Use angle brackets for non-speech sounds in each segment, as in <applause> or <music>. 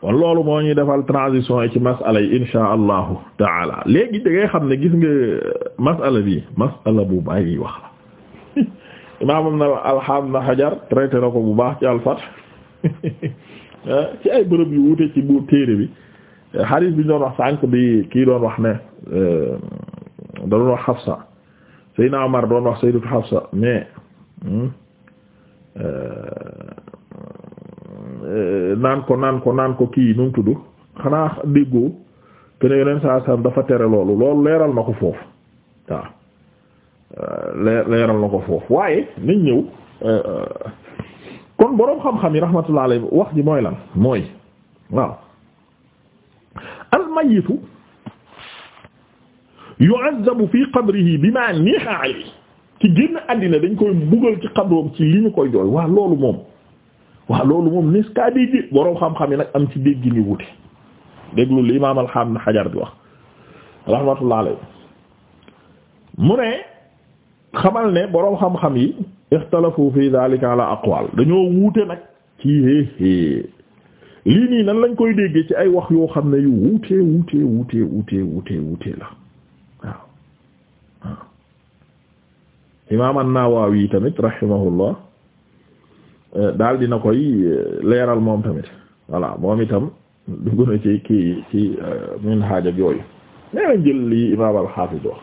kon loolu moo ñuy defal transition yi ci masala yi insha allahu taala léegi da ngay xam ne gis nga masala bi masala bu bàyyi wax la <laughs> imaamam na alxaam na xajar traité na ko bu baax ci alfat <laughs> eh, ci ay bërëb yu wute ci bu téere bi xadiis bi ñu doon wax sànq bi kii doon wax ne eh, da doon wax Xafsa Seydina Omar doon wax Sayyidatu Xafsa mais hmm, eh, Euh, naan ko naan ko naan ko kii nu mu tudd xanaa déggoo que ne yeneen saa saam dafa tere loolu loolu leeral na ko foofu waaw euh, leeral na ko foofu waaye nañ ñëw euh, kon boroom xam-xam yi rahmatullah wax ji mooy lan mooy waaw almayitu yu'azzabu fi qabrihi bima niha alayhi ci génn àddina dañ koy bugal ci xabroom ci li ñu koy jooy waaw loolu moom waa loolu moom nis kaa dégg boroom xam-xam yi nag am ci dégg ni wute déglu li imaam alxaam na xajar bi wax rahmatullah mu ne xamal ne boroom xam-xam yi ixtalafu fi dhalika ala aqwal dañoo wuute nag ci éé lii nii nan lañ koy déggee ci ay wax yoo xam ne yu wuute wuute wuute wuute wuute wuute la waaw waaw imaam an-Nawawi tamit rahimahullah Euh, daal dina koy euh, leeral moom tamit voilà moom itam dugg na ci kii ci euh, min xaaj ak yooyu nee jël li imaam hafiz wax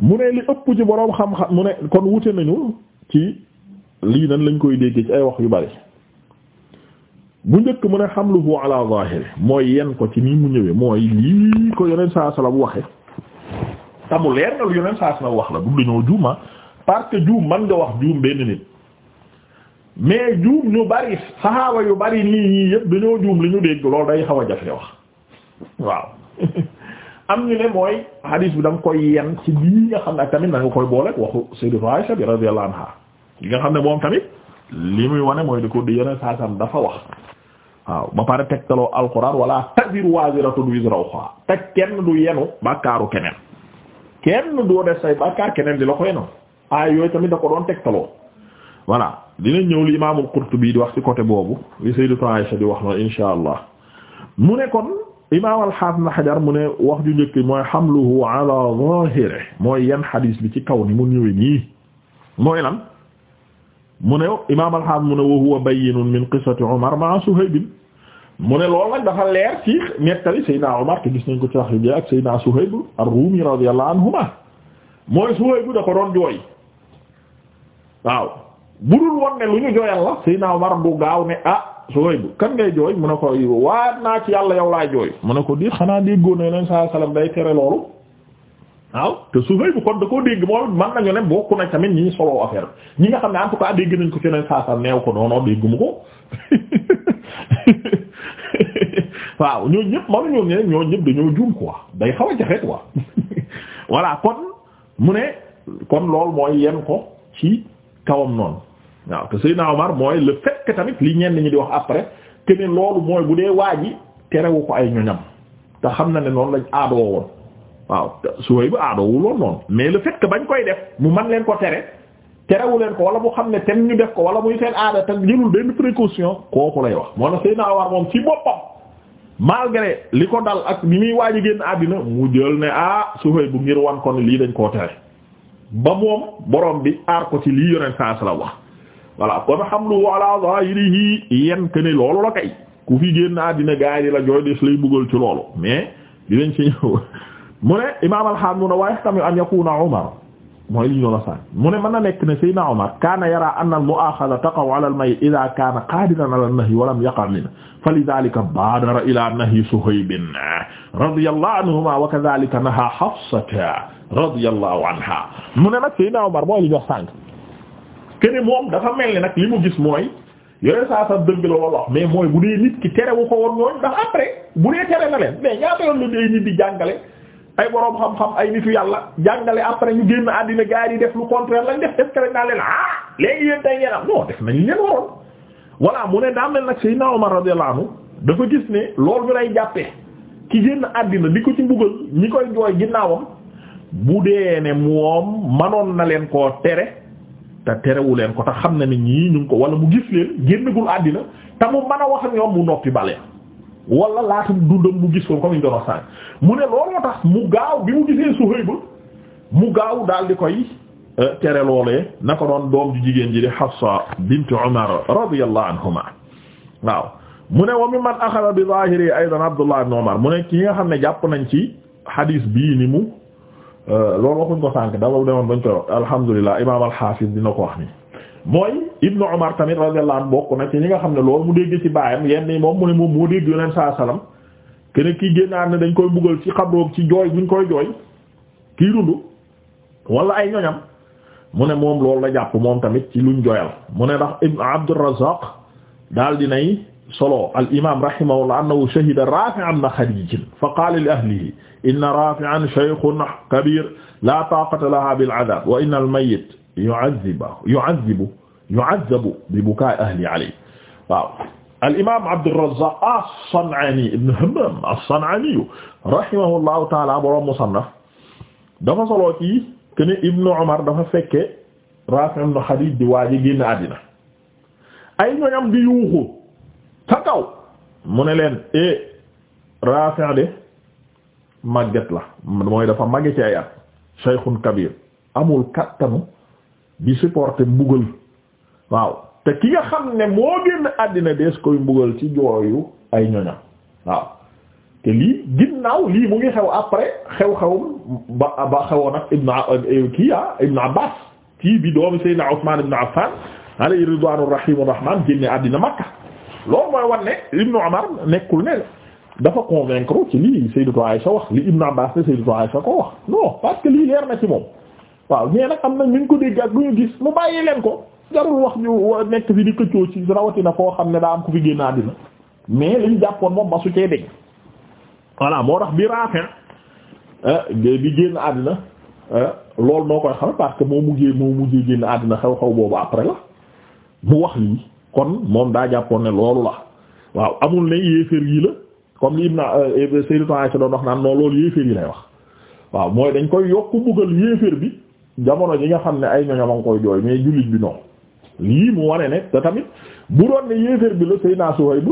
mu ne li ëpp ci boroom xam-xam mu ne kon wute nañu ci lii nan lañ koy dégg ci ay wax yu bari bu njëkk mu ne hamluhu ala zahiri mooy yen ko ci nii mu ñëwee mooy lii ko yeneen saa salaam waxe tamu leer na lu yeneen saa salaam wax la du dañoo juuma ah. parce que juum man nga wax juum benn nit mais juum ñu bari saxaaba yu bari nii ñii yëpp dañoo juum li ñu dégg loolu day xaw a jafe wax waaw <laughs> am ñu ne mooy hadis bi da koy yen ci lii nga xam ne ak tamit da nga koy boole waxu Sayyidatu Aisha bi radiyallahu anha li nga xam ne moom tamit li muy wane mooy di ko di yeneen saasam dafa wax waaw ba pare tegtaloo alquran wala taziru waziratun wizra ukhra teg kenn du yenu bàkkaaru keneen kenn doo def say bàkkaar keneen di la ko yenu aay yooyu tamit da ko doon tegtaloo voilà dina ñëw li imaamul Qurtubi di wax ci côté boobu li Sayyidatu Aisha di wax noonu insha allah mu ne kon imaam al-Hafiz Ibn Hajar mu wax ju njëkk mooy hamluhu ala zahirihi mooy yan xadiis bi ci kaw ni mu ñëwee nii mooy nan mu ne imaam al-Hafiz mu ne wa huwa bayyinun min qissati Umar ma'a Suhayb mu ne loolu nag dafa leer ci nettali Seydina Umar te gis nañ ko ci wax bi ak Seydina Suhayb ar-Rumi radiyallahu anhuma mooy Suhayb da ko doon jooy budul woon ne lu ñu jooyal la Seydina Omar bu gaaw ne ah Suhayb kan ngay jooy mu ne ko waa naa ci yàlla yow laa jooy mu ne ko di xanaa déggoo ne leen saa salaam day tere loolu te Suhayb bu kon koo dégg moom man nañu ne bokk na tamit ñi solo affaire ñi nga xam ne en tout cas dégg nañ ko ci leen saa salaam neew ko noonu dégg mu ko <laughs> waaw ñooñu ñëpp man ñoo ne ñooñu ñëpp dañoo juum quoi day xaw a jafe quoi <laughs> voilà kon mu ne kon loolu mooy yem ko ci kawam noonu waaw te Seydina Omar mooy le fait que tamit li ñenn ñi di wax après que ne loolu mooy bu dee waa ji terewu ko ay ñoñam te xam na ne noonu lañ aadoo woon waaw Suhayb aadoowu loon noonu mais le fait que bañ koy def mu man leen ko tere terewu leen ko wala mu xam ne tem ñu def ko wala muy seen aada te jëlul benn précaution kooku lay wax moo na Seydina Omar moom ci boppam malgré li ko dal ak ni muy waaji génn àddina mu jël ne ah Suhayb bu ngir wan ko ne lii dañ koo tere moom borom bi aar ko lii yoneen saa la wax voilà kon xam lu ala zahirihi yen que ne loolu la kay ku fi génn àddina gaay di la jooy des lay buggal ci loolu mais dinañ ci ñëw mu ne imaam alxam mu ne waaye tamit an yakuna Umar mooy li ñu la sànni mu ne mën na nekk ne Seydina Omar kaana yara anna al mu'axada taqaw ala al mayit ida kaana qaadiran ala nahyi wa lam yaqa min fa lidalika baadara ila nahyi Suhayb radiyallahu anhuma wa kadhalika naha Hafsata radiyallahu anha mu ne nag Seydina Omar mooy li ñu wax sànq kene moom dafa mel ni nag li mu gis mooy yore saa sa dëgg la loolu wax mais mooy bu dee nit ki wu ko woon ñooñ ndax après bu dee tere na leen mais ñaata yoon la dee nit di jàngale ay boroom xam-xam ay yu yàlla jàngale après ñu génn àddina gaa yi def lu contraire lañ def est-ce que rek leen ah léegi yéen tey ngeen am non def nañ leen waroon voilà mu ne daa mel nag Seydina Omar radiyallahu anhu dafa gis ne loolu ñu lay jàppee ki génn àddina di ko ci mbugal ñi koy jooy ginnaawam bu dee ne moom manoon na leen koo tere te terewu leen ko te xam na ni ñii ñu ko wala mu gis leen génnagul àddina te mu mën a wax ak ñoom mu noppi bale wala laata dundam mu gis ko comme ñu doon mu ne looloo tax mu gaaw bi mu gisee Suhayb mu gaaw dal di koy euh, tere loolee na ko doon doom ju jigéen ji di Hafsa bint Umar radiyallahu anhuma waaw mu ne wa mimman axada bi zaahiri aydan Abdullah ibn Umar mu ne ki nga xam ne jàpp nañ ci hadis bii ni mu. Euh, loolu waxuñ ko sànk dawal demoon bañ koy wax alhamdulilah imaam alxaafis dina ko wax nii mooy ibnu Umar tamit radiyallahu anhu bokk na ci ñi nga xam ne loolu mu dégg ci baayam yenn yi moom mu ne moom moo dégg yoneen dañ koy mbugal ci xabroom ci jooy buñ koy jooy ay ñoñam mu ne moom loolu la jàpp moom tamit ci luñ jooyal mu ne ndax ibnu Abdurrazzaq daal dinay solo al imaam rahimahullah annahu shahida Raafi' ibn Khadiij fa qaala li ahlihi inna Raafi'an shaykhun kabiir laa taaqata lahaa bil azaab wa inna al mayyita yu'azzabu yu'azzabu yu'azzabu bi bukaa'i ahlihi alayhi waaw al imaam Abdurrazzaaq as-San'aani ibn Hammaam as-San'aani rahimahullahu ta'aala borom Musannaf dafa solo ci ken Ibnu Umar dafa fekke Raafi' ibn Khadiij di waaj a génn àddina ay ñoñam di yuuxu sa kaw mu ne leen e eh, Rafi' de màgget la mooy dafa màgge ci ay at shaykhun kabir amul kattanu bi supporter mbugal waaw te ki nga xam ne moo génn àddina dees koy mbugal ci jooyu ay ñoñam waaw te lii ginnaaw lii mu ngi xew après xew-xew ba ba xewoon ak ibnu kii ah ibnu Abbas kii bi doomi Seydina Usmaan ibnu Affaan alayhi ridwaanu génne àddina Makka loolu mooy wan ne Ibnu Umar nekkul ne dafa convaincre ci lii Sayyidatu Aïsha wax li Ibnu Abbas ne Sayyidatu Aïsha ko wax non parce que lii leer na ci moom waaw ñee nag am na ñu ko dégg ak lu ñu gis mu bàyyi leen ko jarul wax ñu nekk fi di këccoo ci rawatina koo xam ne daa am ku fi génn àddina mais liñ jàppoon moom ba su cee dégg voilà moo tax bi Rafi' ah, bi génn àddina ah, loolu noo koy xam parce que moo mujjee moo mujjee génn àddina xew xew boobu après la mu wax lii kon moom daa jàppoon ne loolu la waaw amul ne yéeféer yi la comme li ibna euh, Sayyidatu Aisha doon wax naan non loolu yéeféer yi lay wax waaw mooy dañ koy yokk buggal yéeféer bi jamono ji nga xam ne ay ñoñom a koy jooy mais jullit bi noonu lii mu wane ne te tamit bu doon ne yéeféer bi la Sayyidna Suhayb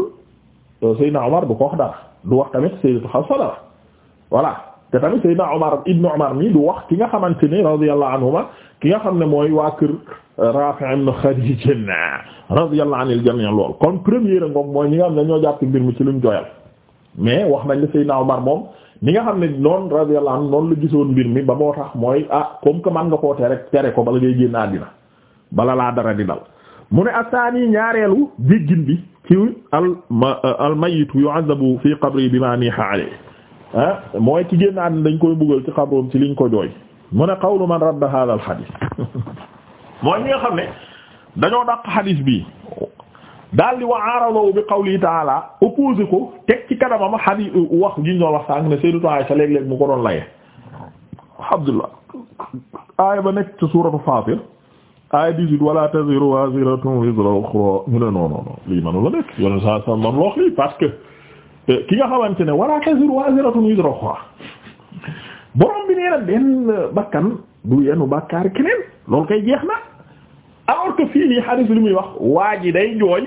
euh, Sayyidna Umar du ko wax dara du wax tamit Sayyidatu Hafsa dara voilà te tamit Sayyidna Umar ibnu Umar mi du wax ki nga xamante ni radiyallahu anhuma ki nga xam ne mooy waa kër Rafi' ibn Khadij radiyallahu anil jami' lool kon premier ngoog mooy ñi nga xam ne ñoo jàpp mbir mi ci luñ joyal mais wax nañ la naaw Omar moom ni nga xam ne noonu radiyallahu anhu noonu la gisoon mbir mi ba moo tax mooy ah comme que man nga koo tere tere ko bala ngay génn àddina bala laa dara di dal mu ne asaani ñaareelu jéggin bi ci al almayitu yu'azabu fi qabri bi ma niha alayhi ah mooy ci génn àddina dañ koy buggal ci xabroom ci liñ ko jooy m ne qawlu man radda hadha al hadith <laughs> mooy ñi nga xam ne dañoo dàq xadiis bi daal di wa aaradawu bi qawli taala opposé ko teg ci kanamam xadiis wax gi ñoo wax sànq ne Sayyidatu Aysa léeg-léeg mu ko doon laye alhamdulillah aaya ba nekk ci Faatir aaya dix-huit wala taziru waaziratun wizra uxraa ñu ne non non non lii manu la nekk yonen saa sa man loox lii parce que eh, ki nga xamante ne wala taziru waaziratun wizra uxraa borom bi nee na benn bakkan du yenu bàkkaar keneen loolu kay jeex na alors que fii nii xadis li muy wax waa ji day jooy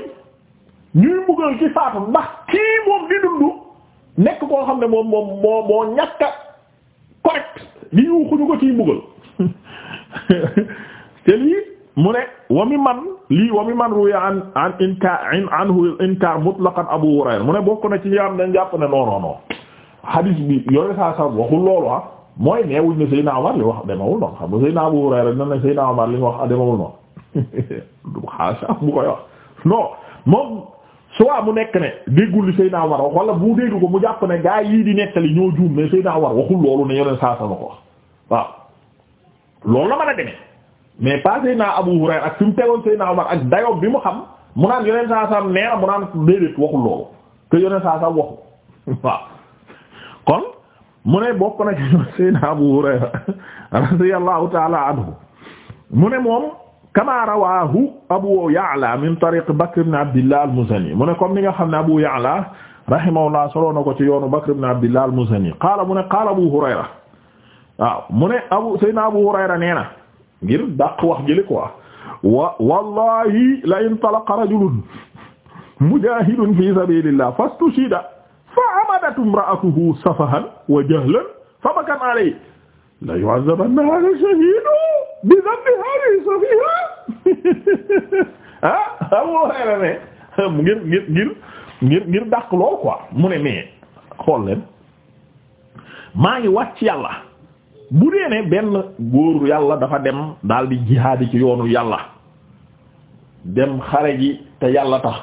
ñuy mbugal ci faatu ndax kii moom di dund nekk koo xam ne moom moom moo moo ñàkk correct li ñu xuñu ko ciy mbugal <laughs> te lii mu ne wa mi man lii wa mi man ruya an an inkaar anhu a mutlaqan mu ne bokk na ci ñi am dañ jàpp ne non non non xadis bi yooyu saa sa waxul loolu ah mooy neewuñ ne Seydina Omar li wax demawul noonu xam nga Seydina Abu Hurayra dina ne Seydina Omar li wax demawul noonu du xaasa bu koy mu nekk ne déggul li Seydina Umar wax wala bu dégg ko mu jàpp ne gaa yii di nettali ñoo juum ne Seydina Umar waxul loolu ne yoneen saa ko wax waaw loolu la mën a demee mais pas na Abu Hurayra ak fi mu tegoon Seydina Umar ak dayoom bi mu xam mu naan yoneen saa sam neera mu naan déedéet waxul loolu te yoneen saa waxu <laughs> waaw kon mu ne bokk na ci Seydina Abu Hurayra <laughs> radiyallahu ta'ala anhu mu ne moom kama rawahu abu ya'la min tariq bakr ibn abdillah al-muzani mu ne comme ni nga xam ne abu ya'la rahimahullah soloo na ko ci yoonu bakr ibn abdillah al-muzani qaala mu ne qaala abu hurayra waaw mu ne abu sayyidina abu hurayra nee na ngir dàq wax jëli quoi wa wallahi la in talaqa rajulun mujahidun fi sabilillah fastushida fa amadat imra'atuhu safahan wa jahlan fa bakat alayhi la yu'azzabanna hada shahidu bi ah Abu Hurayra ne ngir ngir ngir ngir dàq lool quoi mu ne mais xool leen maa ngi wàcc yàlla bu dee ne benn góor yàlla dafa dem daal di jihaadi ci yoonu yàlla dem xare ji te yàlla tax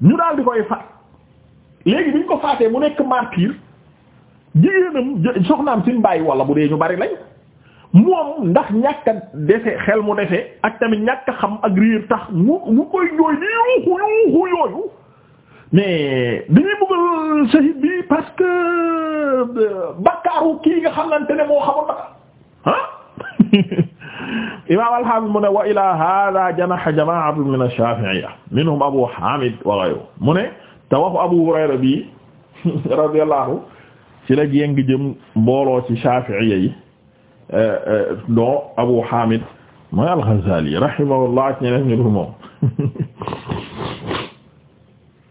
ñu daal di koy faat léegi biñ ko faatee mu nekk martyr jigéenam soxnaam si mbàyyi wala bu dee ñu bari lañ moom ndax ñàkk defe xel mu defe ak tamit ñàkk a xam ak riir tax mu mu koy jooy di yuuxu yuuxu yooyu mais dañuy bëggal sahib bi parce que euh, bakkaaru kii nga xamante ne moo xamul dara ah <laughs> imam alhamid mu ne wa ila hamid wa mu ne te waxu abu hurayra bi <laughs> radiyallahu ci la jéng jëm mbooloo ci Shafi'iyya yi euh, euh, doo Abu Hamid mooy al-Ghazali rahimahullah ak ñeneen ñu dul moom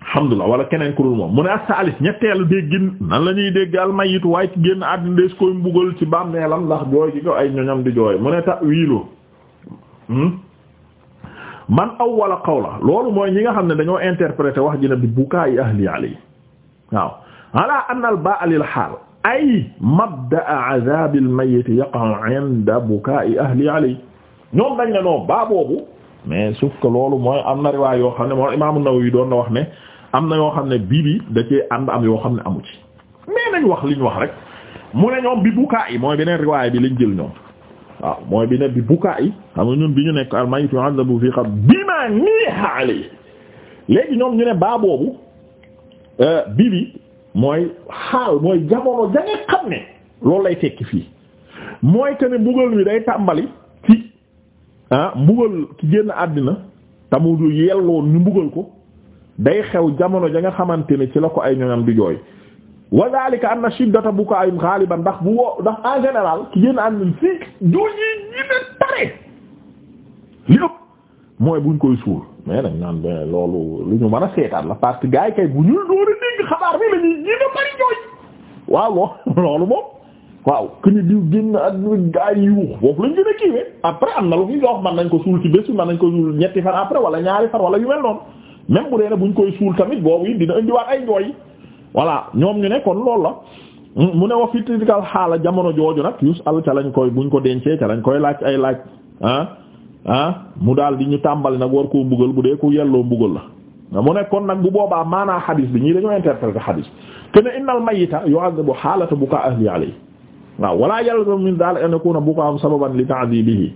alhamdulillah wala keneen ku dul moom mu ne as-salis ñetteel déggin nan la ñuy dégg al-mayyit waaye ci génn àddina des koy mbugal ci bàmmeelam ndax jooy gi ko ay ñoñam di jooy mu ne ta'wilu hmm? man awwala la loolu mooy ñi nga xam ne dañoo interpréter wax ji na bi bukaay ahli alay waaw ala anna al ba'a lil xaal ay mabda'a azabil mayyit yaqa'u 'inda buka'i ahli alayhi ñoom dañ ne noo baa boobu mais sauf que loolu mooy am na riwaay yoo xam ne moo imaamu Nawawi doon na wax ne am na yoo xam ne bii bi da cee ànd am yoo xam ne amu ci mais nañ wax li wax rek mu ne ñoom bi buka'i mooy beneen riwaay bi lañ jël ñoom waaw mooy bi ne bi buka'i xam nga ñun bi ñu nekk al mayyit yu'adhabu fi a bima niha alayhi léegi ñoom ñu ne baa boobu euh, bii bi mooy xaal mooy jamono ja nga xam ne loolu lay tekki fii mooy que ne mbugal mi day tàmbali ci ah mbugal ki génn àddina tamudu yelloon ñu mbugal ko day xew jamono ja nga xamante ne ci la ko ay ñoñam di jooy wa zalika anna shiddata bukaayum xaaliban ndax bu woo ndax en général ki génn àddina fii jooy yi ñi ne tare li ëpp mooy buñ koy suur mais dañ naan ba loolu lu ñu mën a seetaan la parce que gars yi kay bu ñuy door a dégg xabaar bi la ñuy ñi da bari jooy <laughs> loolu moom waaw ku ni diw génn gaa yi yuux foofu a kiiwee après am na ñu wax mën nañ ko suul ci bés mën nañ ko suul ñetti fan après wala ñaari fan wala yu mel noonu même bu dee buñ koy suul tamit boobu it dina indiwaat ay jooy voilà ñoom ñu ne kon loolu la mu ne wa fi tikal xaala jamono jooju nag yus al ca lañ koy buñ ko dencee ca lañ koy laaj ay laaj ah ah mu daal di ñu tàmbali nag war koo mbugal bu dee ku yelloo mbugal la nga mu nekkoon nag bu boobaa maanaa xadis bi ñii dañoo interpréter xadis te ne innal mayita yu'adabu xaalata bukaa ahli alayhi waaw wala yalzamu min daalika an yakuna bukaa'uhum sababan li ta'diibihi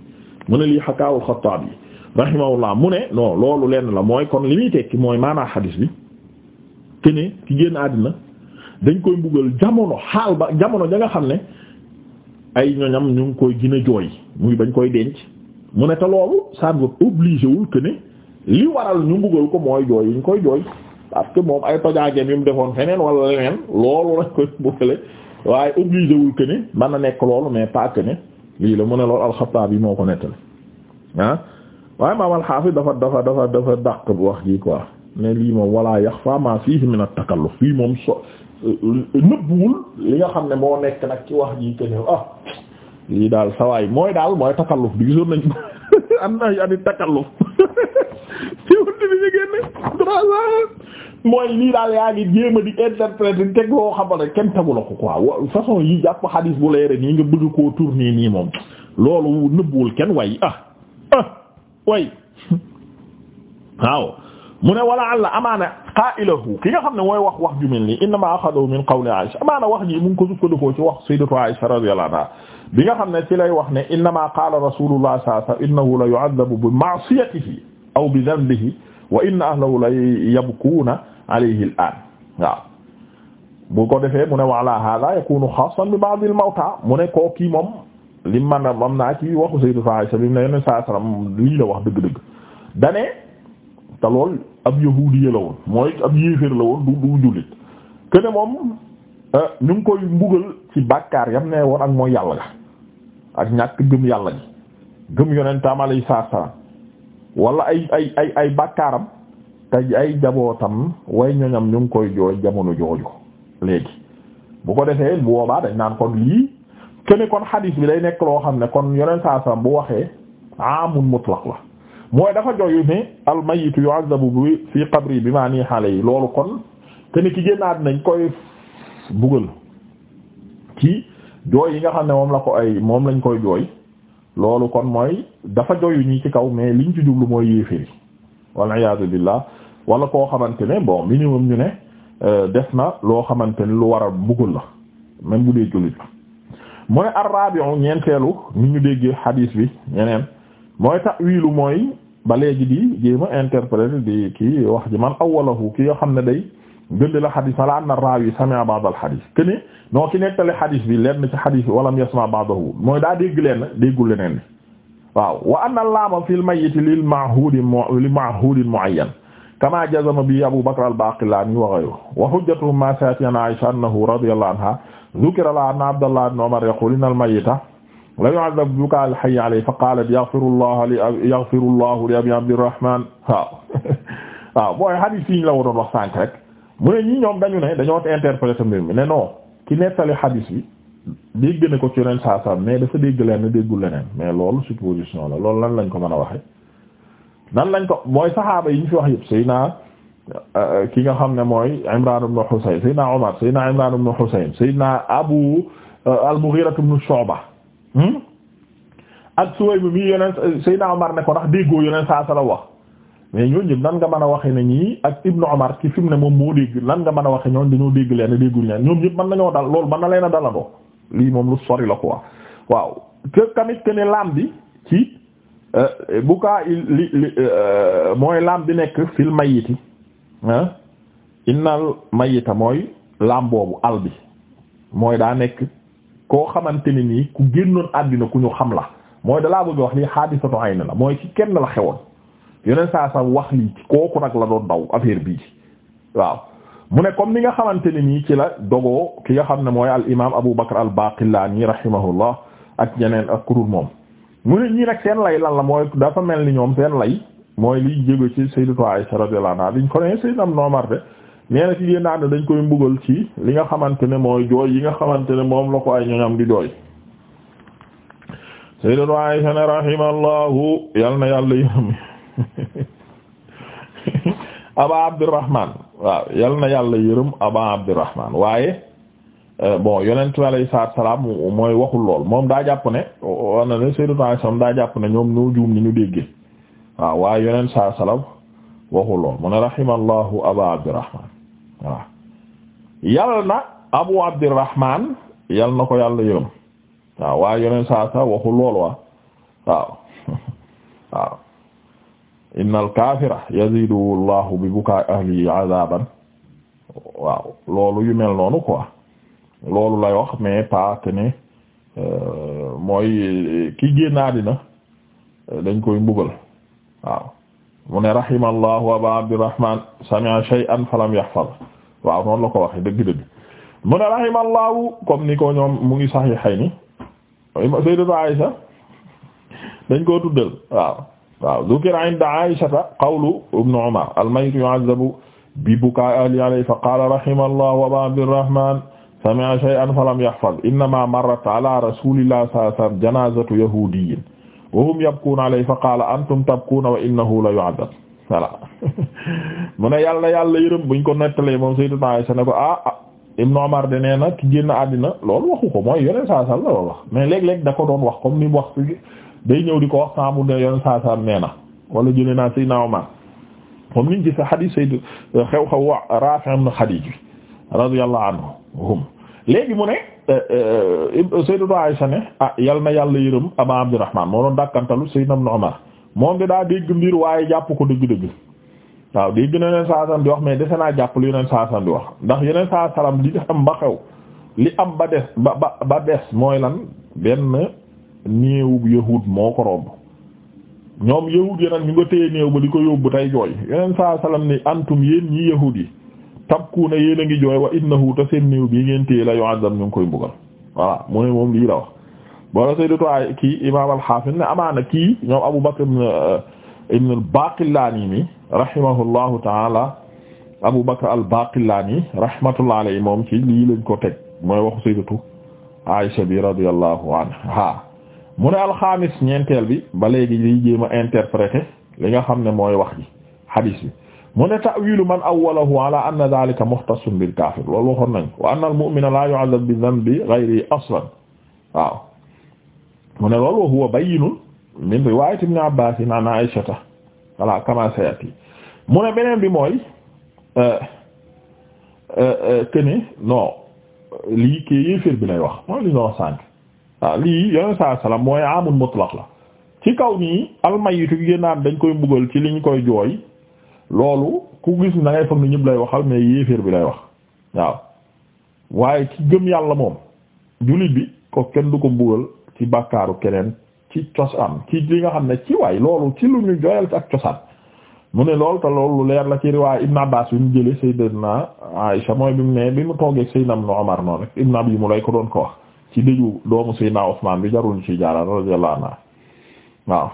mu ne lii xakaahu al-Xattaabi rahimahullah mu ne non loolu lenn la mooy kon li muy tekki mooy maanaa xadis bi te ne ki génn àddina dañ koy mbugal jamono xaal ba jamono ja nga xam ne ay ñoñam ñu ngi koy gën a jooy muy bañ koy denc. mu ne te loolu ça ne veut obligé li waral ñu mbugal ko mooy jooy yi ñu koy jooy parce que moom ay tojaangeem yi mu defoon feneen wala leneen loolu lañ koy mbugale waaye obligé wul que na nekk loolu mais pas ne lii la mu ne loolu alxattaab yi moo ko nekk ah waaye maam alxaafis dafa dafa dafa dafa dàq wax ji quoi mais lii moom wala yaxfa ma fihi min at-takalluf fii moom so euh, euh, nëbbuwul li nga xam ne moo nekk nag ci wax ji que ne ah. lii daal sawaay mooy daal mooy takalluf bi gisoon nañ <laughs> am na <laughs> mooy lii daal yaa ngi jéem a di interpréter kenn tegu la ko quoi façon yi jàpp xadiis bu leere nii nga bëgg koo tourner nii moom loolu nëbbuwul kenn way ah ah way <laughs> waaw mu ne wala àlla amaana qaa'ilahu ki nga xam ne mooy wax wax ju mel nii innama axadahu min qawli Aisha amaana wax ji mu ngi ko sukkandikoo ci wax sayyidatu Aisha radiyallahu anha bi nga xam ne ci lay wax ne innama qaala rasulullah sallallahu alayhi inna la yabkuuna alayhi al-aan waaw bu ko defee mu ne wa ala hadha yakunu xaasan bi ba'd mu ne koo kii moom li man a mam naa ci waxu Sayyidatu Aisha bi mu ne la wax dëgg-dëgg dane te lool ab yahuudi la mooy ab yéeféer la du du jullit kene moom euh, ñu ko koy mbugal ci bàkkaar yam ne woon mooy yàlla ak ñàkk gëm yàlla gi gëm yonentam alayhi salaam wala ay ay ay ay bàkkaaram te ay jabootam way ñoñam ñu ngi koy jooy jamono jooju léegi bu ko defee bu boobaa dañ naan kon lii kene kon xadiis bi day nekk loo xam ne kon yonent saa salaam bu waxee amun mutlaq la mooy dafa joyu ne al mayitu yu'azzabu bi fii qabri bi maa nii xale yi loolu kon kene ki génnaat nañ koy bugal ci jooy yi nga xam ne moom la ko ay moom lañ koy jooy loolu kon mooy dafa jooyu ñi ci kaw mais liñ ci jublu mooy yéeféri wal iyaadu billah wala koo xamante ne bon minimum ñu ne euh, def na loo xamante ne lu war a bugul la même bu dee jullit la mu ne ar-rabi'u ñeenteelu ni ñu déggee hadis bi ñeneen mooy ta'wilu mooy ba léegi di jéema interpréter di kii wax ji man awalahu ki yoo xam ne day gëndi la xadis ala anna rawi sami'a ba'd al xadis que ni non ki nettale xadis bi lenn ci xadis bi walam yasma ba'dahu mooy daa dégg lenn déggul leneen waaw wa anna laama fil mayyit lil ma'hud li ma'hud mu'ayyan kama jazama bi abu bakr al baqillani wa ghayruhu wa hujjatuhum ma sa'ati an aisha annahu radiyallahu anha dhukira laha anna abdallah ibn umar yaqulu inna al mayyita la yu'adhdhabu bi bukaa al hayyi alayhi fa qalat yaghfiru allah li yaghfiru allah li abi abdirrahman waaw <laughs> waaw mooy xadis yi ñu la waroon wax sànk rek mu ne ñi ñoom dañu ne dañoo interpréter mbir mi ne non ki nettali xadiis bi dégg na ko ci yeneen saa saa mais dafa dégg leen déggul leneen mais loolu supposition la loolu lan lañ ko mën a waxe nan lañ ko mooy saxaaba yi ñu fi wax yëpp Seydina euh, ki nga xam ne mooy Imran ibn Husayn Seydina Omar Seydina Imran ibn Husayn Seydina Abu euh, al-Mughira ibn Shu'ba hmm? ak Suwaym mi yeneen Seydina Omar ne ko ndax déggoo yeneen saa saa la wax. mais ñooñu ñëpp nan nga mën a waxe ne ñii ak Ibnu Umar ci fi mu ne moom moo dégg nan nga mën a waxe ñoon dañoo dégg leen déggul ñaan ñoom ñëpp mën nañoo dal loolu mën na leen a dalandoo lii moom lu sori la ko quoi waaw te tamit que ne laam bi ci euh, bu kaa euh, mooy laam bi nekk fil mayiti ah innal mayita mooy laam boobu al bi mooy daa nekk koo xamante ni nii ku génnoon àddina ku ñu xam la mooy dalaa bëgg wax lii xaadisatu ayn la mooy ci kenn la xewoon yeneen saa sa wax lii kooku nag la doon daw affaire bii waaw mu ne comme ni nga xamante ne nii ci la dogoo ki nga xam ne mooy al imaam Abu Bakr al Baqillani rahimahullah ak ñeneen ak kurul moom mu ne ñii nag seen lay lan la mooy dafa mel ni ñoom seen lay mooy liy jégo ci Sayyidatu Aisha radiyallahu liñ ko ne Sayyidna Umar de nee na ci dañ koy mbugal ci li nga xamante ne mooy jooy yi nga xamante ne moom la ko ay ñoñam di jooy Sayyidatu Aisha ne yal na yàlla yërëm <laughs> aba abdurrahman waaw yal na yàlla yërëm aba abdurrahman waaye euh, bon yonent bi alayhi salaatu salaam mooy waxul lool moom daa jàpp ne war na ne Seydou daa jàpp ñoom ñoo juum ni ñu déggee waaw waaye yonent saa waxul lool mu ne aba abdurrahman waaw na abu abdurrahman yal na ko yàlla yërëm waaw waaye yonent saa waxul lool wa waaw waaw. <laughs> innal kaafira yaziduhu llahu bi bukaa ahlihi azaban loolu yu mel noonu quoi loolu lay wax mais pas euh, mooy ki génnaa dina dañ koy mbugal mu ne rahimallahu aba abdirahman sami'a shay'an falam yahfaz waaw noonu la ko wax dëgg-dëgg mu ne rahimallahu comme ni ko ñoom mu ngi sahihayni sayyidatu Aisha dañ koo tuddal waaw waaw dhukira inda Aishata qawlu ibn Umar al-mayt yu'azzabu bi bukaa ahli alayhi fa qala rahimahullahu Abu Abdirrahman sami'a shay'an falam yahfaz innama marrat ala rasulillahi sallallahu alayhi wasallam janazatu yahudiyyin wa hum yabkuna alayhi fa qala antum tabkuna wa innahu la yu'adhab voilà <laughs> mu ne yàlla yàlla yërëm buñ ko nettalee moom sayyidina Aisha ne ko ah, ah Ibn Umar de nee na ki génn àddina loolu waxu ko mooy yeneen saa sal la wax mais léeg-léeg da ko doon wax comme ni mu wax day ñëw di ko wax saabu ne yoon saa saa nee na wala jëlee naa Seydina Omar moom niñ gis hadith Seydou euh, xew-xew wa Rafi' ibn Khadij bi radiyallahu anhum léegi mu ne euh, euh, Sayyidatu Aisha ne ah yal na yàlla yërëm Aba Abdurrahman moo doon dàkkantalu Seydina Ibn Omar moom de daa dégg mbir waaye jàpp ko dëgg-dëgg waaw dégg na yeneen saa salaam di wax mais dese naa jàpp lu yeneen saa di wax ndax yeneen saa salaam li am ba xew li am ba des ba ba ba des mooy lan benn. néewub yahud moo ko romb ñoom yahud yi nag ñu nga téye néew ba di ko yóbbu tey jooy yeneen saa salaam ni antum yéen ñi yahud yi tabkuuna yéen a ngi jooy wa innahu ta seen néew bi ngeen téye la yu'azzab ñu ngi koy mbugal voilà mu ne moom lii la wax boola sayyidatu ay kii imaam al-Hafiz amaana kii ñoom Abu Bakr ibn euh, ibn al-Baqillaani mi rahimahullahu taala Abu Bakr al-Baqillaani rahmatullahi alayhi moom ci lii lañ ko teg mooy waxu sayyidatu Aisha bi radiyallahu anha mu ne alxamis bi ba léegi liy jéem a interpréter li nga xam ne mooy wax ji hadis bi mu ne ta'wilu man awwalahu ala anna dhalika mukhtassun bil kaafir loolu waxoon nañ wa anna al mu'mina bi dhanbi ghayrihi aslan waaw mu ne loolu wa huwa bayyinun min riwaayati ibn Abbaas an Aysata kama sayati mu ne beneen bi mooy euh, euh, euh, que ne non lii kii bi lay wax lii yeneen saa salaam mooy amul mutlaq la ci kaw nii almayitu gi naan dañ koy buggal ci li ñu koy jooy loolu ku gis na ngay foog ni ñëpp lay waxal mais yéeféer bi lay wax waaw waaye ci gëm yàlla moom jullit bi ko kenn du ko mbugal ci bàkkaaru keneen ci cosaan ci li nga xam ne ci waay loolu ci lu ñu jooyal ak cosaan mu ne loolu te loolu leer la ci riwaay Ibn Abbas bi mu jëlee Sayyidina Aisha mooy bi mu ne bi mu toogee Sayyidina Umar noonu rek Ibn ko doon ko wax ci dëju doomu Seydina Usmaan bi jarul ci jaaral radiyallahu anhu waaw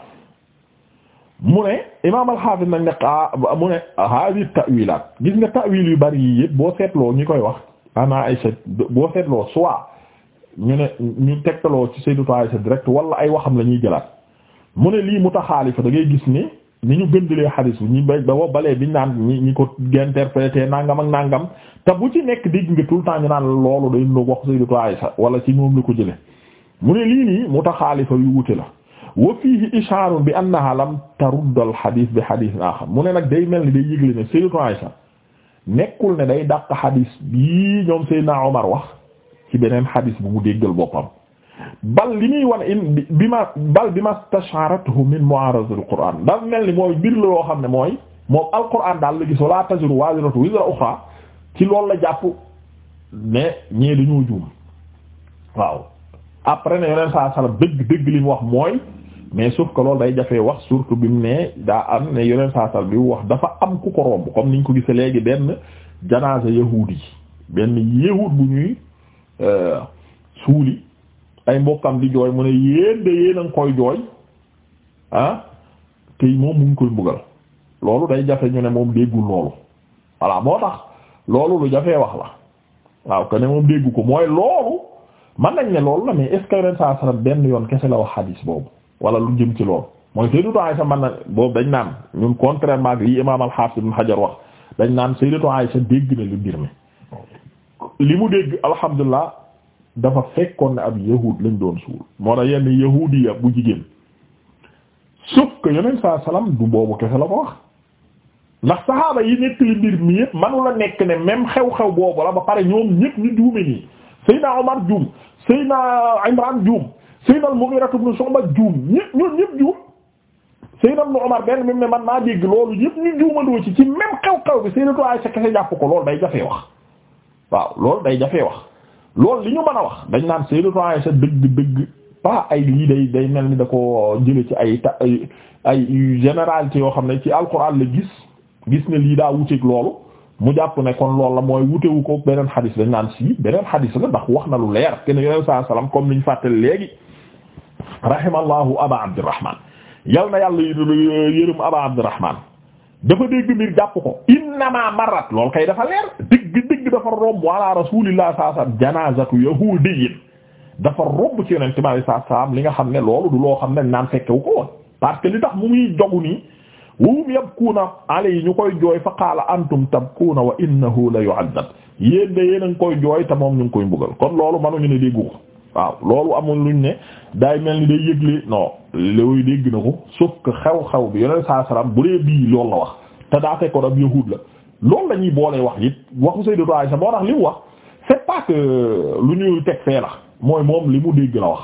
mu ne imaam al-Hafiz nag ne ah, mu ne hadi ta'wilaat gis nga ta'wil yu bari yi yëpp boo seetloo ñi koy wax ana Aysa boo seetloo soit ñu ne ñu tegtaloo ci Sayyidatu Aysa direct wala ay waxam la ñuy jëlaat mu ne lii mutaxaalifa da ngay gis ni ni ñu gëndalee xadis bu ñu ba ba balee biñ naan ñi ñi ko interprété nangam ak nangam te bu ci nekk dégg nga tout le temps ñu naan loolu day nu wax Sayyidatu Aisha wala ci moom la ko jële mu ne lii nii mutaxaalifa yu wute la wa fiihi ishaarun bi annaha lam tarudd al xadis bi xadis aaxar mu ne nag day mel ni day yëgle ne Sayyidatu Aisha nekkul ne day daq xadis bii ñoom Seydina Omar wax ci beneen xadis bu mu déggal boppam bal li muy wan in bi ma bal bi ma stash'arathu min mu'arazati al-Qur'an daf mel ni mooy mbir la yoo xam ne mooy moom al-Qur'an daal la gis wala taziru waziratu wizra ukhra ci loolu la jàpp mais ñee dañoo juum waaw après ne yoneen saa sallam dëgg dëgg li wax mooy mais sauf que loolu day jafee wax surtout bi mu ne daa am ne yoneen saa sallam bi wax dafa am ku ko romb comme niñ ko gisee léegi benn janaasa yahuud yi benn yahuud bu ñuy euh, suuli ay mbokkam di jooy mu ne yéen de yéen a ngi koy jooy ah te moom mu ngi koy mbugal loolu day jafe ñu ne moom déggul loolu voilà moo tax loolu lu jafe wax la waaw que ne moom déggu ko mooy loolu man nañ ne loolu la mais est ce que benn yoon kese la wax hadis boobu wala lu jëm ci loolu mooy Sayyidatu Aisha mën na boobu dañ naan ñun contrairement ak li Imaam al-Hafiz Ibn Hajar wax dañ naan Sayyidatu Aisha dégg na li mbir mi li mu dégg alhamdulilah. dafa fekkoon ne ab yahud lañ doon suul moo tax yenn yahudiya bu jigéen sauf que yonent saa salaam du boobu kese la ko wax ndax saxaaba yi nekk li mbir mi yëpp manu la nekk ne même xew-xew boobu la ba pare ñoom ñëpp ñu juume nii Seydina Omar juum Seydina Imran juum Seydina Mughira ibn Shu'ba juum ñëpp ñoom ñëpp juum Seydina Omar benn même ne man maa dégg loolu ñëpp ñu juumandoo ci ci même xew-xew bi Seydina Aysa kese jàpp ko loolu day jafee wax waaw loolu day jafe wax loolu li ñu man a wax dañ naan Sayyidatu sa dëgg dëgg pas ay lii day day mel ni da ko jële ci ay ta ay ay généralité yoo xam ne ci alxuraan la gis gis ne lii daa wuteeg loolu mu jàpp ne kon loolu la mooy wutewu ko beneen xadis dañ naan si beneen xadis la ndax wax na lu leer kenn yoneen saa salaam li ñu fàttali léegi rahimallahu aba abdirahman yal na yàlla yërëm aba abdirahman dafa dégg mbir jàpp ko innama marat lool kay dafa leer digg digg dafa romb ala rasulillah saa saam janazatu yahudiyin dafa romb ci yonente bi saa saam li nga xam ne loolu du loo xam ne naan fekkewu ko woon parce que li tax mu ngi jogu nii wahum yabkuuna alayhi ñu koy jooy fa qaala antum tabkuuna wa innahu la yu'addab yéen de yéen a ngi koy jooy te moom ñu ngi koy mbugal kon loolu mënuñu ne déggu ko waaw loolu amul luñ ne day mel ni day yëgle non léegi dégg na ko sauf que xew-xew bi yeneen saa salaam bu dee bii loolu la wax te daa ko ab yahuud la lool la ñuy boolee wax it waxu Sayyidatu Aisha moo tax li mu wax c'est pas que lu ñuy teg fee la mooy moom li mu dégg la wax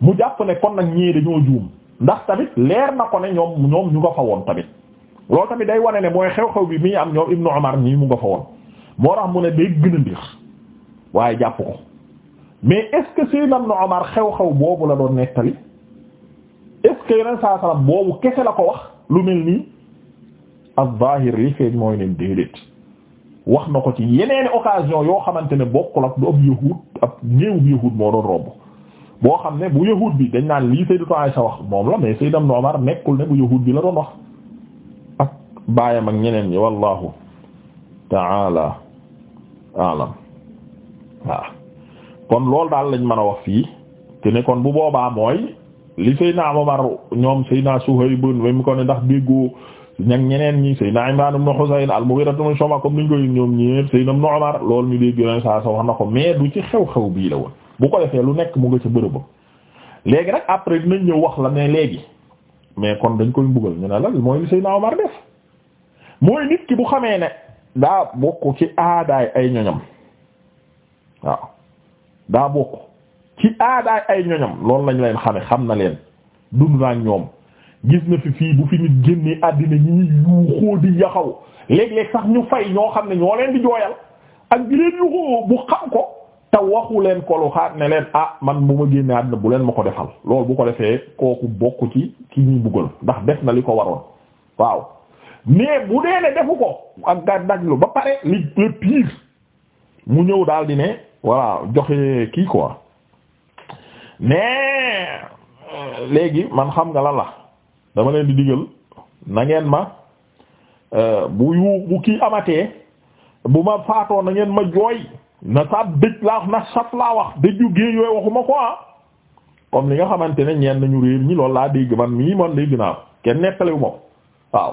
mu jàpp ne kon nag ñii dañoo juum ndax tamit leer na ko ne ñoom ñoom ñu nga fa woon tamit loolu tamit day wane ne mooy xew-xew bi mi am ñoom Ibnu Umar nii mu nga fa woon moo tax mu ne day gën a waaye jàpp ko mais est-ce que xew-xew boobu la doon nettali. est-ce que yeneen saa salaam boobu kese la ko wax lu mel nii az-zahir li feeñ mooy ne déedéet wax na ko ci yeneen occasion yoo xamante ne bokkul ak du ab yahud ab néew bi yahud moo doon robb boo xam ne bu yahud bi dañ naan lii Sayyidatu Aisha wax moom la mais Sayyidna Umar nekkul ne bu yahud bi la doon wax ak baayam ak ñeneen ñi wallahu ta'ala alam waaw kon loolu daal lañ mën a wax fii te ne kon bu boobaa mooy li Seydina Omar ñoom Seydina Suhayb ba mu ko ne ndax déggoo ñag ñeneen ñi Seydina Imran ibn Husayn al-Mughira ibn Shu'ba comme niñ koy ñoom ñëpp Seydina Ibn Omar loolu ñu dégg na ko mais du ci xew-xew bii la woon lu nekk mu nga ci bërëbam léegi nag après dinañ ñëw wax la ne léegi mais kon dañ koy mbugal ñu ne la mooy li Seydina Omar def mooy nit ki bu xamee ne daa bokk ci aadaay ay ñoñam waaw daa bokk ci aadaay ay ñoñam loolu lañ leen xame xam na leen dund naa ñoom gis na fi fii bu fi nit génnee àddina ñi yuuxoo di yaxaw léeg-léeg sax ñu fay ñoo xam ne ñoo leen di jooyal ak di leen yuuxoo bu xam ko te waxu leen kolu lu xaat ne leen ah man bu ma génnee àddina bu leen ma ko defal loolu bu ko defee kooku bokk ci ki ñuy buggal ndax def na li ko waroon waaw mais bu dee ne defu ko ak gàddajlu ba pare li le mu ñëw daal di ne voilà joxe kii quoi. mais léegi man xam nga la la dama leen di digal na ngeen ma euh, bu yu bu kii amatee bu ma faatoo na ngeen ma jooy na saab dëj laa wax na saf laa wax dëju géej yooyu waxuma ko ah comme li nga xamante ne ñeen nañu réer ñi loolu laa dégg man mii man dégg naa kenn nettaliwu ma waaw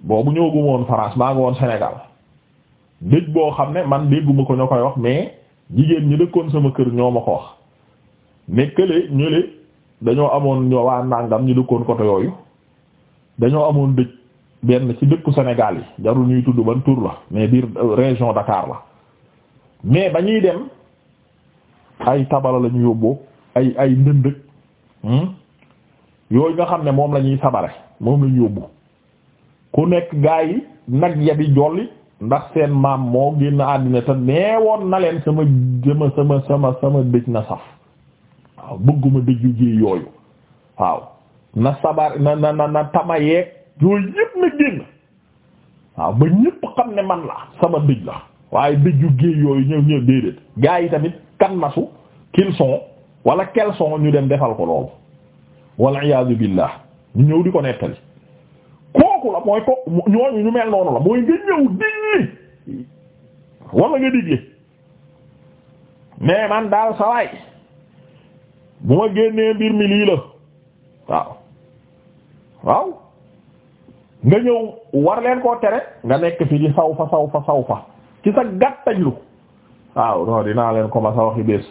boobu ñëwgu woon France maa ngi woon Sénégal dëj boo xam ne man dégguma ko ñoo koy wax mais jigéen ñi dëkkoon sama kër ñoo ma ko wax nekkale ñële dañoo amoon ñoo waa nàngam ñu dëkkoon côté yooyu dañoo amoon dëj benn ci dëkku Sénégal yi jarul ñuy tudd ban tur la mais biir région Dakar la mais ba ñuy dem ay tabala la ñu yóbboo ay ay ndëndëg hmm, yooyu nga xam ne moom la ñuy sabare moom la yóbbu ku nekk gaa yi nag ya di jolli ndax seen maam moo génn àddina te neewoon na leen sama sama sama sama sama dëj na saf waaw bëgguma dëju jiy yooyu waaw na sabar na na na tama yeeg yooyu yëpp na génn waaw ba ñëpp xam ne man la sama dëj la waaye dëju géey yooyu ñëw ñëw déedéet gaa yi tamit kan masu qu'ils sont wala quels sont ñu dem defal ko loolu wal iyaazu billah ñu ñëw di ko nettali kooku la mooy ko ñooñu ñu mel noonu la mooy nga ñëw digli wala nga digli mais man daal sawaay bu ma génnee mbir mi lii la waaw waaw nga ñëw war leen koo tere nga nekk fi di saw fa saw fa saw fa ci sa gàttañlu waaw non dinaa leen ko ma sa waxi bés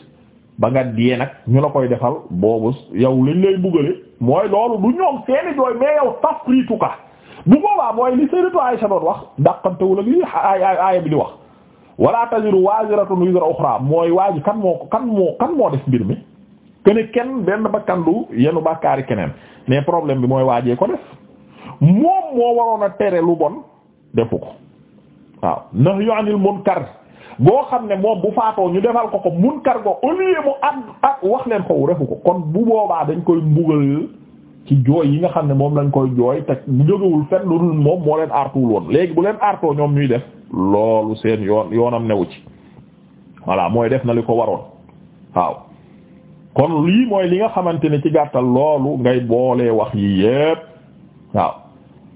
ba nga diyee nag ñu la koy defal boobu yow liñ lay buggale mooy loolu du ñoom seeni jooy mais yow tafriitu ka bu boobaa mooy li Sayyidatu Aisha doon wax dàqantewul ak li aaya bi di wax wala taziru waziratun wizra ukhra mooy waa kan moo kan moo kan moo def mbir mi ne kenn benn bakkan du yenu bàkkaari keneen mais problème bi mooy waajee ko def moom moo waroon a tere lu bon defu ko waaw ndax yu anil kar boo xam ne moom bu faatoo ñu defal ko ko munkar go au lieu mu at at wax leen ko refu kon bu boobaa dañ koy mbugal ci jooy yi nga xam ne moom lañ koy jooy te bu jógewul fenn lu moom moo leen aartuwul léegi bu leen aartoo ñoom ñuy def loolu seen yoon yoonam newu ci voilà mooy def na li ko waroon waaw kon lii mooy li nga xamante ne ci gàttal loolu ngay boolee wax yi yépp waaw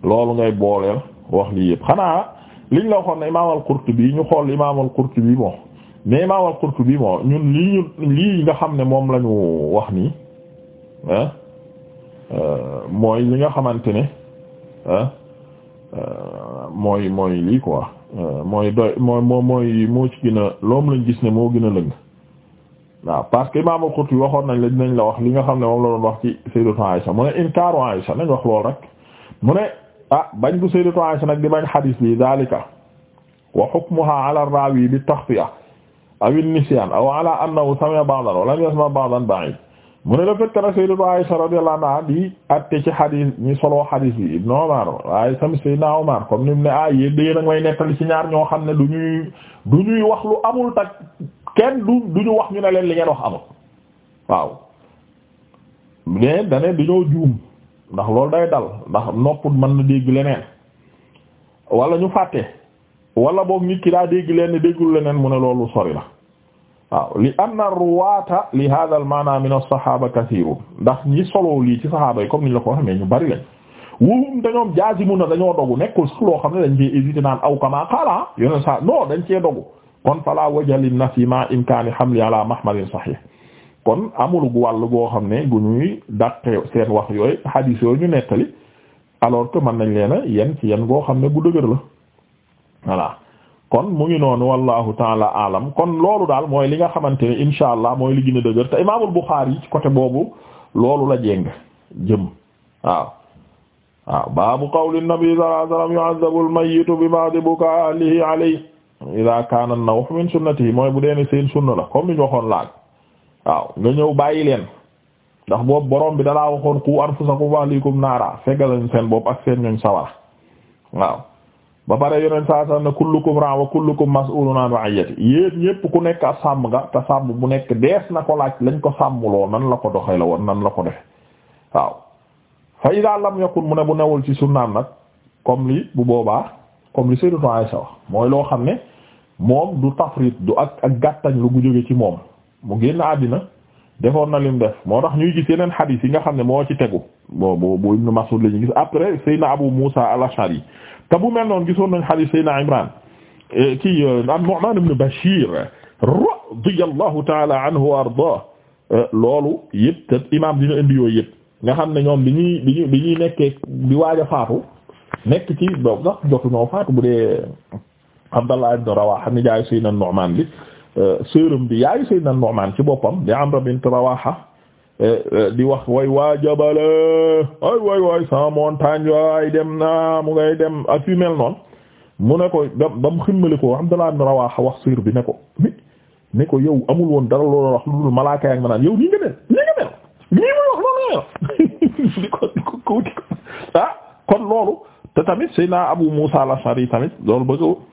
loolu ngay booleel wax lii yépp xanaa liñ la waxoon ne imaam al-Qurtubi ñu xool imaam al-Qurtubi bon mais imaam al-Qurtubi bon ñun lii lii nga xam ne moom lañu ñu wax nii euh, mooy li nga xamante ne euh, mooy mooy lii quoi euh, mooy doy mooy mooy moo ci gën a loom lañ gis ne moo gën a lëng waaw parce que Imam Al-Qurtubi waxoon nañ la dinañ li nga xam ne moom la doon wax ci Sayyidatu Aisha mu ne inkaaru Aisha nañ wax lool rek mu ne ah bañ bu Sayyidatu Aisha nag di bañ xadis bi zalika wa hukmuha ala ar-rawi bi taxtiya aw an-nisyan aw ala annahu wa lam yasma' ba'dan ba'id mu ne le fait xadis ñi soloo xadis bi sami Sayyidina Umar comme ni mu ne ah yéen da yéen a ngi may ci ñaar ñoo xam ne du ñuy du ñuy lu amul kenn du du ñu wax ñu ne leen li ngeen wax amul waaw mais dane dañoo juum ndax lool day dal ndax nopp mën na dégg leneen wala ñu fàtte wala boog nit ki daa dégg leen déggul leneen mu ne loolu sori la waaw li anna ruwaata li hada al maana min as-sahaaba kathirun ndax ñi solo lii ci sahaaba yi comme niñ la ko waxe ñu bari lañ wuhum dañoom jaasimu na dañoo dogu nekkul sax loo xam ne dañ cee hésité naan aw kama qaala yoneen sa non dañ cee dogu kon fala wajalin na fi ma imkaani hamli ala mahmalin sahih kon amul wàll goo xam ne gu ñuy dàqe seen wax yooyu hadis yooyu ñu nettali alors que mën nañ leen a yen ci yen goo xam ne bu dëgër la voilà kon mu ngi noonu wallahu taala alam kon loolu daal mooy li nga xamante ne insha allah mooy li gën a dëgër te imaamul Buxaari ci côté boobu loolu la jéng jëm waaw waaw baabu qawli nabi sallallahu alayhi wa sallam yu'azzabu al-mayyitu bi ba'di ila kaana naw min sunnati mooy bu dee ne seen sunna la comme li ñu waxoon laaj nga ñëw bàyyi leen ndax boobu borom bi dalaa waxoon ku anfusakum wa ahliikum naara fegal lañ seen bopp ak seen ñoñ sawara waaw ba pare yoneen saa saa ne kullukum ñépp ku nekk a sàmm nga te sàmm bu nekk dees na ko laaj lañ ko sàmmuloo nan la ko doxee la woon nan la ko defe waaw fa idaa lam yakun mu ne bu newul ci sunnaam nag comme li bu boobaa comme li Sayyidatu Aisha wax mooy loo xam ne moom du tafrit du ak ak gàttañ lu gu jóge ci moom mu génn àddina defoon na lim def moo tax ñuy gis yeneen xadiis yi nga xam ne moo ci tegu bo bo bu Ibn Mas'ud la ñu gis après Seydina Abu Musa al-Ash'ari te bu mel noonu gisoon nañ xadiis Seydina Imran eh, kii eh, an-Nu'man ibn Bashir radiyallahu ta'ala anhu wa ardah eh, loolu yëpp te imaam dina indi yooyu yëpp nga xam ne ñoom bi ñuy bi ñuy bi ñuy nekkee di waaj a faatu nekk ci boobu jotu ñoo faatu bu dee Abdallah ibn Rawaha ni jaayu Sayyidina Nu'man bi euh, seeram bi yaayu Sayyidina Nu'man ci boppam di Amra bint Rawaha euh, euh, di wax way waa jabala ay way waay sans montagne waay dem na mu ngay dem ak yu mel noonu mu ne ko ba mu ximmali ko Abdallah ibn Rawaha wax seer bi ne ko ne ko yow amul woon dara loolu wax lu dul malaaka yaa nii nga mel nii muy wax loolu la <laughs> di ah kon loolu te tamit Seydina Abu Musa al tamit loolu bëgg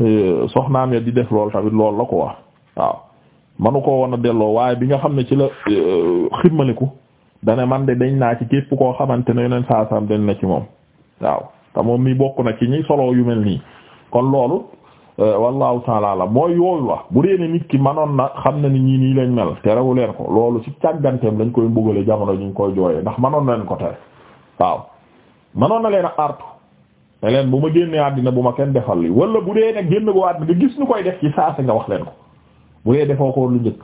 Euh, soxnaam ya di def lool tamit loolu la ko wax waaw manu ko woon a delloo waaye bi nga xam ne ci la euh, ximmaliku dane man de dañ naa ci képp koo xamante ne yeneen saasam dañ na ci moom waaw te moom mi bokk na ci ñi solo yu mel nii kon loolu euh, wallahu taala la mooy yooyu wax bu dee nit ki manoon na xam na ni ñii nii lañ mel terewu leen ko loolu ci càgganteem lañ koy mbugale jamono ñu koy jooyee ndax manoon na leen ko tere waaw manoon na leen artu ne leen bu ma génnee àddina bu ma kenn defal li wala bu dee nag génn ko àddina nga gis ñu koy def ci saasa nga wax leen ko bu dee defoo ko lu njëkk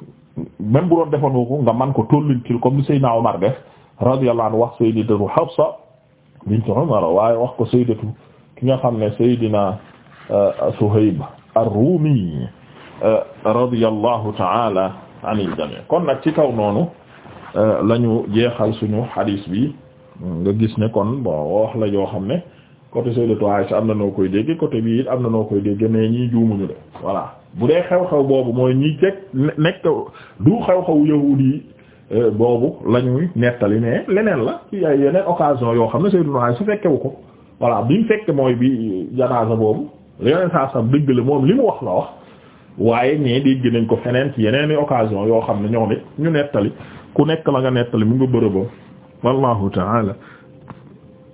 même bu doon defandoo ko nga man ko tollantil ko li Seydina Omar def radiyallahu anhu wax Sayyidatu Hafsa bint Umar waaye wax ko Sayyidatu ki nga xam ne Seydina uh, Suhayb ar-Rumi uh, radiyallahu ta'ala anil jami kon nag ci kaw noonu uh, lañu ñu jeexal suñu hadis bi nga gis ne kon bon wax la yoo xam ne côté Sayyidatu Aisha am na noo koy dégg côté bii it am na noo koy dégg mais ñii juumuñu de voilà bu dee xew-xew boobu mooy ñi teg nekk du xew-xew yahuudi yi euh, boobu la nettali mais leneen la ci ay yeneen occasion yoo xam ne Sayyidatu Aisha fekkewu ko voilà bi mu fekk mooy bi euh, janaasa boobu yeneen saa sam dëgg la moom li mu wax la wax waaye ñee dégg nañ ko feneen ci yeneen i occasion yoo xam ne ñoo it ñu nettali ku nekk la nga nettali mu nga bërëbam wallahu ta'ala